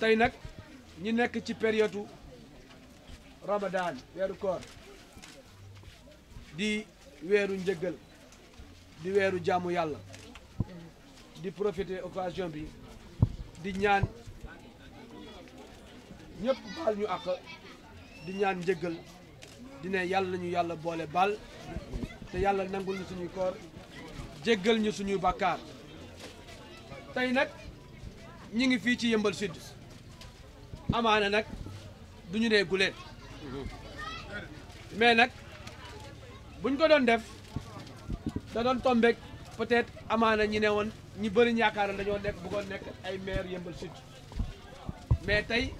tey nag ñi nekk ci période Ramadan weeru koor di weeru njëggal di weeru jaamu yàlla di profiter occasion bi di ñaan ñëpp baal ñu àq di ñaan njëggal di ne yàlla nañu yàlla boole bal te yàlla nangul ñu suñuy koor jéggal ñu suñuy bàkkaar tey nag ñi ngi fii ci yëmbal Sud amaana nag du ñu nee guleen mais nag buñ ko doon def da doon tombeek peut-être amaana ñi ne woon ñi bëri yaakaaroon dañoo nekk bëggoon nekk ay maire yëmbal sud mais tey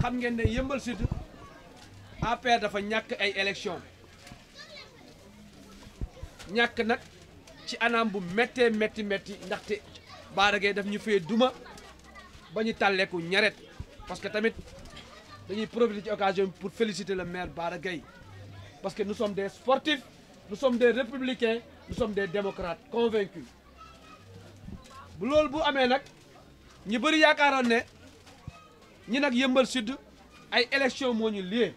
xam ngeen ne yëmbal sud APR dafa ñàkk ay élection ñàkk nag ci anaam bu méttee métti metti ndaxte baaragee daf ñu fee duma ba ñu tàlleeku ñaret parce que tamit dañuy profiter ci occasion pour féliciter le maire Bara Gaye parce que nous sommes des sportifs nous som des républicains nous sommes des démocrates convaincus bu loolu bu amee nag ñi bëri yaakaaroon ne ñi nag yëmbal sidd ay élection moo ñu lié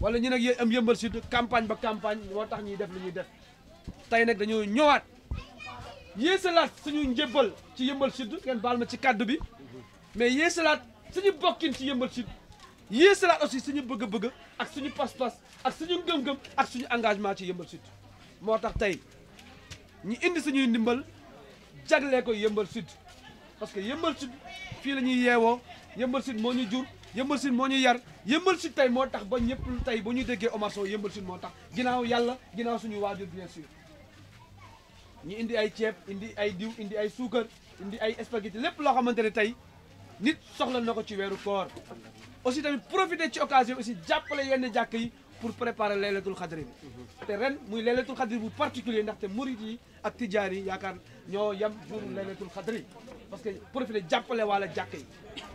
wala ñi nag am yëmbal sidd campagne ba campagne moo tax ñuy def li ñuy def tey nag dañoo ñëwaat yéesalaat suñu njëbal ci yëmbal sud ngeen baal ma ci kàddu bi mais yéesalaat suñu bokkin ci yëmbal sud yéesalaat aussi suñu bëgg-bëgg ak suñu pas-pas ak suñu ngëm-ngëm ak suñu engagement ci yëmbal moo tax tey ñu indi suñuy ndimbal jaglee ko yëmbal sud parce que yëmbal sud fii la ñuy yeewoo yëmbal sud moo ñu jur yëmbal sud moo ñu yar yëmbal sud tey moo tax ba ñëpp tey bu ñu déggee Omar Sow yëmbal moo tax ginnaaw yàlla ginnaaw suñu waajur ne sûr ñu indi ay ceeb indi ay diw indi ay suukar indi ay spaghetti lépp loo xamante ne tey nit soxla na ko ci weeru koor aussi tamit profiter ci occasion aussi jàppale yenn jàkk yi pour préparer laylatul xadri bi te ren muy laylatul xadri bu particulier ndaxte murid yi ak tijaan yi yaakaar ñoo yem jour laylatul xadri parce que profiter jàppale wala jàkk yi